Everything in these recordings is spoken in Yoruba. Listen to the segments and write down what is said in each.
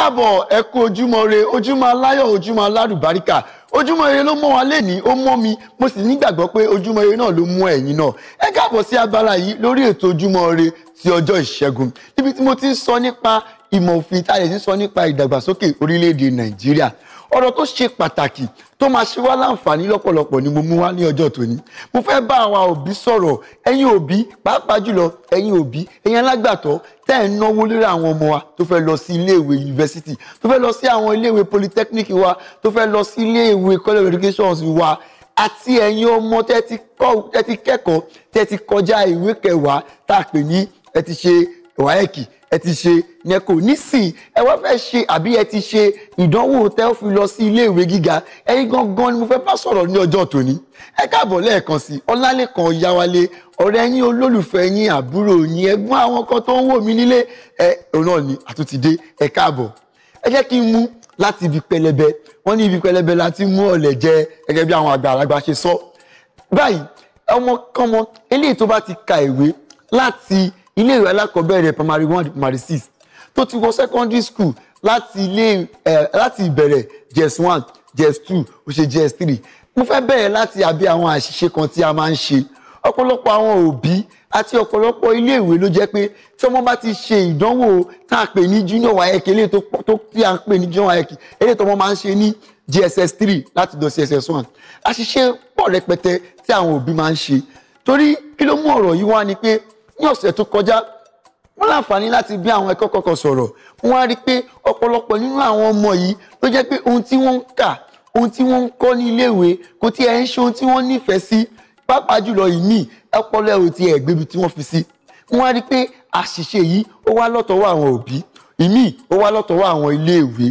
káàbọ̀ ẹ kú ojúmọ́ re ojúmọ́ aláyọ̀ ojúmọ́ alárùbáríkà ojúmọ́ ire ló mọ́ wa lẹ́ni ó mọ́ mi mo sì nígbàgbọ́ pé ojúmọ́ ire náà ló mú ẹ̀yin náà ẹ káàbọ̀ sí abala yìí lórí ètò ojúmọ́ ire ti ọjọ́ ìṣẹ́gun níbi tí mo ti ń sọ nípa ìmọ̀ òfin tá a lè ti sọ nípa ìdàgbàsókè orílẹ̀ nàìjíríà ọ̀rọ̀ tó ṣe pàtàkì tó máa ṣe wá láǹfààní lọ́pọ̀lọpọ̀ ni mo mú wá ní ọjọ́ tòní mo fẹ́ bá àwọn òbí sọ̀rọ̀ ẹ̀yin òbí pàápàá jùlọ ẹ̀yin òbí ẹ̀yin alágbàtọ́ tẹ́ ẹ̀ ń náwó lórí àwọn ọmọ wa tó fẹ́ lọ sí iléèwé yunifásitì tó fẹ́ lọ sí àwọn iléèwé polytechnic wa tó fẹ́ lọ sí iléèwé college of education wa àti ẹ̀yin ọmọ tẹ́ ti kẹ́kọ̀ọ́ tẹ́ ti kọjá ìwé kẹwàá tá a pè ní ẹ ti ṣe waec ẹ ti ṣe neco nísìn ẹ wá fẹ́ ṣe àbí ẹ ti ṣe ìdánwò tẹ́ ó fi lọ sí iléèwé gíga ẹ̀yin gangan ni mo fẹ́ bá sọ̀rọ̀ ní ọjọ́ tòní ẹ káàbọ̀ lẹ́ẹ̀kan sí ọlálẹ́kan yáwálé ọ̀rẹ́ yín olólùfẹ́ yín àbúrò yín ẹ̀gbọ́n àwọn kan tó ń wò mí nílé ẹ òun náà ni àtúntìdé ẹ káàbọ̀ ẹ jẹ́ kí n mú láti ibi pẹlẹbẹ wọ́n ní ibi pẹlẹbẹ láti mú ọ̀lẹ̀ jẹ gẹ́gẹ́ bí àwọn àgbàlagbà ṣe sọ báyìí ọmọkọ́mọ eléyìí tó bá ti ka ìwé láti ilé ìwé alákọ̀ọ́bẹ̀rẹ̀ primary one primary six tó ti wọ secondary school láti ilé láti ìbẹ̀rẹ̀ jess one jess two ó ṣe jess three mo fẹ́ bẹ̀rẹ̀ láti àbí àwọn àṣìṣe kan tí a máa ń ṣe ọ̀pọ̀lọpọ̀ àwọn òbí àti ọ̀pọ̀lọpọ̀ ilé ìwé ló jẹ́ pé tí ọmọ bá ti ṣe ìdánwò tá a pè ní junior wayek eléyìí tó tí a pè ní junior wayek eléyìí tó ọmọ máa ń ṣe ní jss three láti dọ̀ jss one àṣìṣe pọ̀ rẹpẹtẹ tí àwọn òbí máa ń ṣe torí kí ló mú ọ̀rọ̀ yìí wá ni pé ní ọ̀sẹ̀ tó kọjá wọ́n láǹfààní láti bí àwọn ẹ̀kọ́ kọ̀ọ̀kan sọ̀rọ̀ wọ́n á rí i pé ọ̀pọ̀lọpọ̀ nínú àwọn ọmọ yìí ló jẹ́ pé ohun tí wọ́n ń kà ohun tí wọ́n ń kọ́ ní iléèwé kò tí ẹ̀ ń ṣe ohun tí wọ́n nífẹ̀ẹ́ sí pàápàá jùlọ ìmí ọpọlọ ẹ̀ ti ẹ̀ tí wọ́n fi sí wọ́n á rí i pé àṣìṣe yìí ó wá lọ́tọ̀wọ́ àwọn òbí ìmí ó wá lọ́tọ̀wọ́ àwọn iléèwé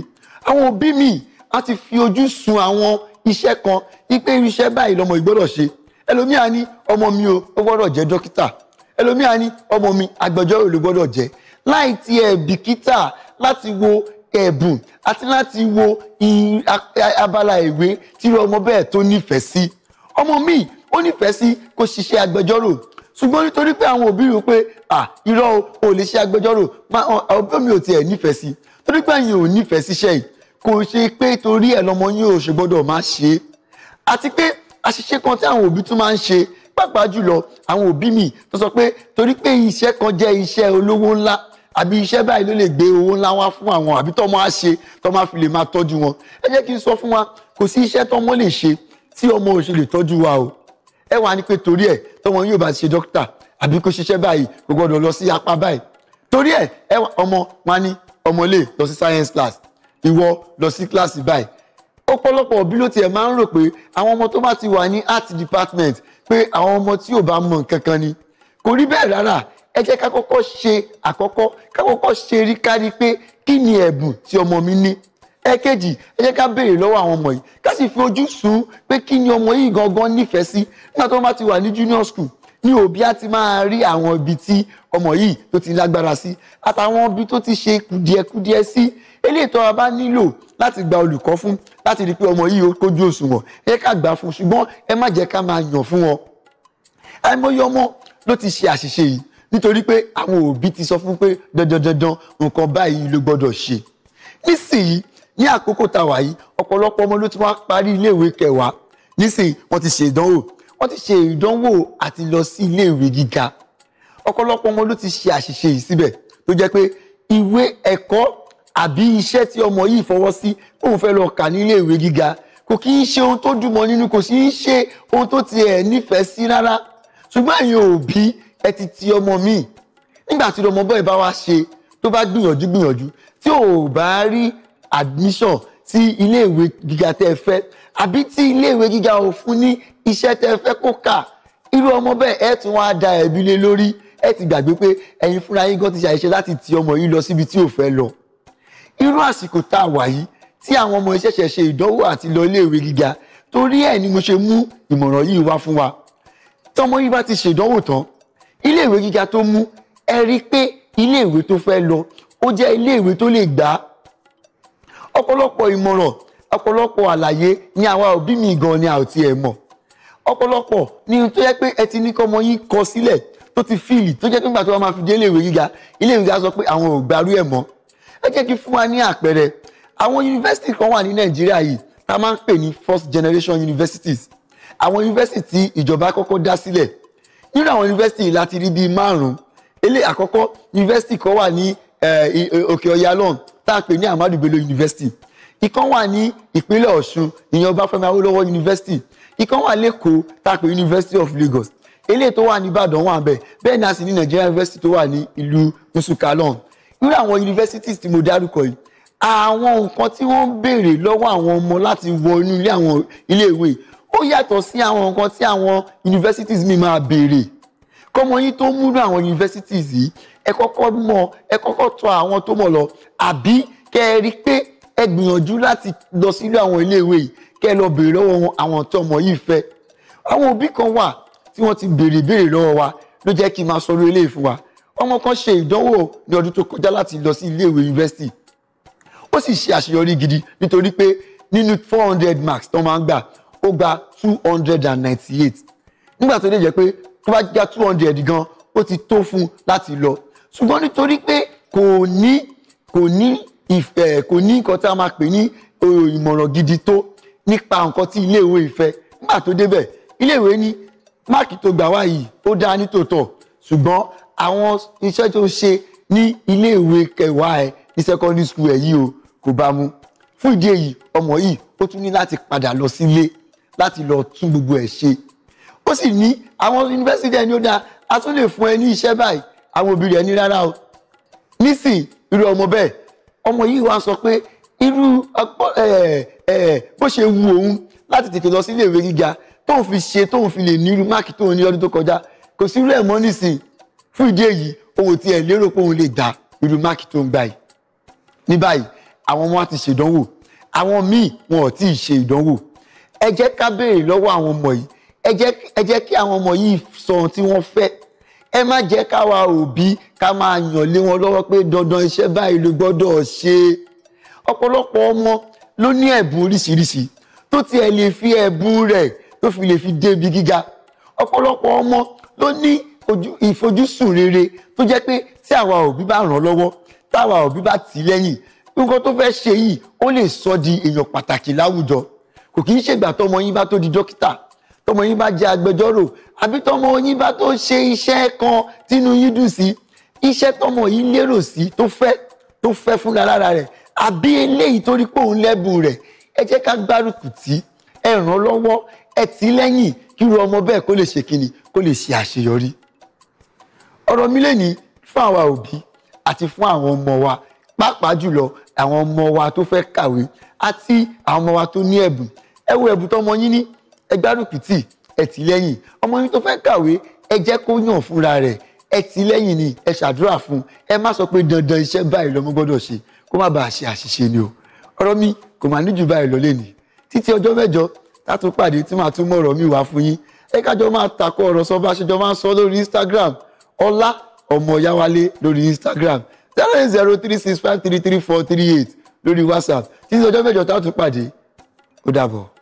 mi á ti fi ojú sun àwọn iṣẹ́ kan wípé irú iṣẹ́ báyìí lọmọ ìgbọ́dọ̀ ṣe ẹlòmíà ẹlòmíà ní ọmọ mi agbẹjọ́rò ló gbọ́dọ̀ jẹ́ láì tiẹ̀ bìkítà láti wo ẹ̀bùn àti láti wo abala ìwé tí ọmọ bẹ́ẹ̀ tó nífẹ̀ẹ́ sí ọmọ mi ó nífẹ̀ẹ́ sí kó ṣiṣẹ́ agbẹjọ́rò ṣùgbọ́n nítorí pé àwọn òbí rò pé à irọ́ o lè ṣe agbẹjọ́rò ọbẹ̀ mi ò tiẹ̀ nífẹ̀ẹ́ sí torí pé àyìn ò nífẹ̀ẹ́ síṣẹ́ yìí kò ṣe pé torí ẹ̀ lọ́mọ yín ò ṣe gbọ́dọ̀ máa ṣe àti pé àṣìṣe kan tí àwọn òbí tún máa ń ṣe pàápàá jùlọ àwọn òbí mi tó sọ pé torí pé iṣẹ́ kan jẹ́ iṣẹ́ olówó ńlá àbí iṣẹ́ báyìí ló lè gbé owó ńlá wá fún àwọn àbí tọ́mọ á ṣe tọ́mọ á fi lè máa tọ́jú wọn ẹ jẹ́ kí n sọ fún wa kò sí iṣẹ́ tọ́mọ lè ṣe tí ọmọ ò ṣe lè tọ́jú wa o ẹ wà ní pé torí ẹ tọ́mọ yóò bá ṣe dókítà àbí kó ṣiṣẹ́ báyìí kò gbọ́dọ̀ lọ sí apá báyìí torí ẹ ẹ ọmọ wa ní ọmọ lè lọ sí science class ìwọ lọ sí kíláàsì báyìí ọ̀pọ̀lọpọ̀ òbí ló tiẹ̀ máa ń rò pé àwọn ọmọ tó bá ti wà ní art department pé àwọn ọmọ tí ò bá mọ nǹkan kan ni kò rí bẹ́ẹ̀ rárá ẹ jẹ́ ká kọ́kọ́ ṣe àkọ́kọ́ ká kọ́kọ́ ṣe rí kárí pé kí ni ẹ̀bùn tí ọmọ mi ní ẹ̀kejì ẹ jẹ́ ká béèrè lọ́wọ́ àwọn ọmọ yìí ká sì fi ojú sùn pé kí ni ọmọ yìí gangan nífẹ̀ẹ́ sí nígbà tó bá ti wà ní junior school ní òbí á ti máa rí àwọn ibi tí ọmọ yìí tó ti lágbára sí àtàwọn ibi tó ti ṣe kùdìẹ̀kùdìẹ̀ sí eléyìí tó a bá nílò láti gba olùkọ́ fún láti rí i pé ọmọ yìí ó kójú òṣùwọ̀n ẹ ká gbà fún ṣùgbọ́n ẹ má jẹ́ ká máa yàn fún wọn. àìmọye ọmọ ló ti ṣe àṣìṣe yìí nítorí pé àwọn òbí ti sọ fún pé dandan dandan nǹkan báyìí ló gbọ́dọ̀ ṣe nísìnyí ní àkókò tàwa yìí ọ̀pọ̀lọpọ̀ ọmọ ló ti wá parí iléèwé kẹwàá nísìnyí wọ́n ti ṣèdánwò wọ́n ti ṣe ìdánwò àti lọ sí iléèwé gíga ọ̀pọ̀lọpọ̀ wọn ló ti ṣe àṣìṣe yìí síbẹ̀ tó jẹ́ pé ìwé ẹ̀kọ́ àbí iṣẹ́ tí ọmọ yìí fọwọ́ sí kóun fẹ́ lọ kà ní iléèwé gíga kò kí ń ṣe ohun tó dùnmọ́ nínú kò sì ń ṣe ohun tó tiẹ̀ nífẹ̀ẹ́ sí rárá ṣùgbọ́n ẹ̀yin òbí ẹ ti ti ọmọ míì nígbà tí ọmọ bọ́ọ̀ bá wá ṣe tó bá gbìyànjú gbìyànjú tí ò bá rí admission tí iléèwé gíga tẹ́ ẹ fẹ́ àbí tí iléèwé gíga ò fún ní iṣẹ́ tẹ́ ẹ fẹ́ kó kà irú ọmọ bẹ́ẹ̀ ẹ tún wá da ẹ̀bi lé lórí ẹ ti gbàgbé pé ẹ̀yin fúnra yín gan ti ṣàṣẹ láti ti ọmọ yìí lọ síbi tí ò fẹ́ lọ irú àsìkò tá a wà yìí tí àwọn ọmọ ìṣẹ̀ṣẹ̀ ṣe ìdánwò àti lọ iléèwé gíga torí ẹ̀ ni mo ṣe mú ìmọ̀ràn yìí wá fún wa tọmọ yìí bá ti ṣèdánwò tán iléèwé gíga tó mú ẹ rí i pé iléèwé tó fẹ́ lọ ó jẹ́ iléèwé tó lè gbà á ọ̀pọ̀lọpọ̀ ìmọ̀ràn ọ̀pọ̀lọpọ̀ àlàyé ni àwa òbí mi gan ni a ò tiẹ̀ mọ̀ ni tó yẹ pé ẹ ti ní kọ́mọ yín kọ sílẹ̀ tó ti fíìlì tó jẹ́ pé nígbà tó wọ́n máa fi dé iléèwé gíga iléèwé gíga sọ pé àwọn ò gbarú ẹ̀ mọ́ ẹ jẹ́ kí fún wa ní àpẹẹrẹ àwọn yunifásitì kan wà ní nàìjíríà yìí tá a máa ń pè ní first generation universities àwọn yunifásitì tí ìjọba kọ́kọ́ dá sílẹ̀ nínú àwọn yunifásitì yìí láti rí bíi márùn-ún ilé àkọ́kọ́ yunifásitì kan wà ní eh, òkè ọ̀yà lọ́n tá a pè ní Ahmadu Bello University ìkan wà ní ìpínlẹ̀ Ọ̀ṣun ìyẹn Ọbáfẹ́mi Awólọ́wọ̀ University ìkan wà lẹ́kọ̀ọ́ tá a pè University of Lagos eléyìí tó wà ní Ìbàdàn wà bẹ́ẹ̀ bẹ́ẹ̀ ni a sì ní Nigeria University tó wà ní ìlú Nsukkalon irú àwọn universities tí mo dárúkọ yìí àwọn nǹkan tí wọ́n ń béèrè lọ́wọ́ àwọn ọmọ láti wọ inú ilé àwọn iléèwé ó yàtọ̀ sí àwọn nǹkan tí àwọn universities mi máa béèrè kọ́mọ yín tó múnú àwọn universities yìí ẹ kọ́kọ́ mọ̀ ẹ kọ́kọ́ tọ̀ àwọn tó mọ̀ lọ àbí kẹ́ ẹ rí pé ẹ gbìyànjú láti lọ sílé àwọn iléèwé yìí kẹ́ ẹ lọ béèrè lọ́wọ́ wọn àwọn tó ọmọ yìí fẹ́ àwọn òbí kan wà tí wọ́n ti béèrè béèrè lọ́wọ́ wa ló jẹ́ kí n máa sọ̀rọ̀ ilé ìfún wa ọmọ kan ṣe ìdánwò ní ọdún tó kọjá láti lọ sí iléèwé yunifásitì ó sì ṣe àṣeyọrí gidi nítorí pé nínú four hundred marks tó máa ń gbà ó gba two hundred and ninety-eight nígbà tó lè jẹ́ pé tó bá já two hundred gan ó ti tó fún un láti lọ ṣùgbọ́n nítorí pé kò ní kò ní ìfẹ́ kò ní nǹkan tí a máa pè ní ìmọ̀ràn gidi tó nípa nǹkan tí iléèwé ìfẹ́ nígbà tó débẹ̀ iléèwé ní máàkì tó gbà wá yìí ó dáa ní tòótọ́ ṣùgbọ́n àwọn iṣẹ́ tó ṣe ní iléèwé kẹwàá ẹ ní secondary school ẹ yìí o kò bá mu fún ìdí èyí ọmọ yìí ó tún ní láti padà lọ sílé láti lọ tún gbogbo ẹ ṣe ó sì ní àwọn yunifásitì ẹni ó dáa a tún lè fún ẹ ní iṣẹ́ báyìí àwọn òbí rẹ̀ ní rárá o nísìn irú ọmọ bẹ́ẹ̀ ọmọ yìí wá sọ pé irú bó ṣe wu òun láti tètè lọ sí iléèwé gíga tóun fi ṣe tóun fi lè ní irú máàkì tóun ní lọ́dún tó kọjá kò sí irú ẹ̀ mọ́ nísìn fún ìdí èyí òun ti ẹ̀ lérò pé òun lè dá irú máàkì tó gbà yìí ní báyìí àwọn ọmọ wa ti ṣèdánwò àwọn míì wọn ò tí ì ṣe ìdánwò ẹ jẹ́ ká béèrè lọ́wọ́ àwọn ọmọ yìí ẹ jẹ́ kí àwọn ọmọ yìí sọ ohun tí wọ́n fẹ́ ẹ má jẹ́ káwa òbí ká máa yàn lé wọn lọ́wọ́ pé dandan iṣẹ́ báyìí ló gbọ́dọ̀ ṣe ọ̀pọ̀lọpọ̀ ọmọ ló ní ẹ̀bùn oríṣiríṣi tó tiẹ̀ lè fi ẹ̀bùn rẹ̀ tó fi lè fi débi gíga ọ̀pọ̀lọpọ̀ ọmọ ló ní ìfojúsùn rere tó jẹ́ pé tí àwa òbí bá ràn lọ́wọ́ táwa òbí bá tì lẹ́yìn nǹkan tó fẹ́ ṣe yìí ó lè sọ di èèyàn pàtàkì láwùjọ kò kì í ṣègbà tọmọ yín bá tó di dókítà tọmọ yín bá jẹ́ agbẹjọ́rò àbí tọmọ yín bá tó ṣe iṣẹ́ kan tínú yín dùn sí iṣẹ́ tọmọ yín lérò sí tó fẹ́ tó fẹ́ fúnra lára rẹ̀ àbí eléyìí torí pé òun lẹ́bùn rẹ̀ ẹ jẹ́ ká gbárùkù tì ẹ ràn lọ́wọ́ ẹ tì lẹ́yìn kí irú ọmọ bẹ́ẹ̀ kó lè ṣe kíni kó lè ṣe àṣeyọrí ọ̀rọ̀ mi lè ní fún àwa òbí àti fún àwọn ọmọ wa pàápàá jùlọ àwọn ọmọ wa tó fẹ́ kàwé àti àwọn ọmọ wa tó ní ẹ̀bùn ẹ wo ẹ̀bùn tọmọ yín ní ẹ gbárùkìtì ẹ tì lẹ́yìn ọmọ yín tó fẹ́ kàwé ẹ jẹ́ kó yàn fúnra rẹ̀ ẹ ni ẹ ṣàdúrà fún ẹ má sọ pé dandan iṣẹ́ báyìí lọ́mọ gbọ́dọ̀ ṣe kó má bàa ṣe àṣìṣe ni o ọ̀rọ̀ mi kò má níjù báyìí lọ lẹ́ni títí ọjọ́ mẹ́jọ tátún pàdé tí màá tún mọ ọ̀rọ̀ mi wá fún yín ẹ kájọ máa takò ọ̀rọ̀ sọ bá ṣèjọ máa sọ lórí Instagram ọlá ọmọ yáwálé lórí Instagram zero eight zero three six five three three four three eight lórí WhatsApp títí ọjọ́ mẹ́jọ tátún pàdé ó dàbọ̀.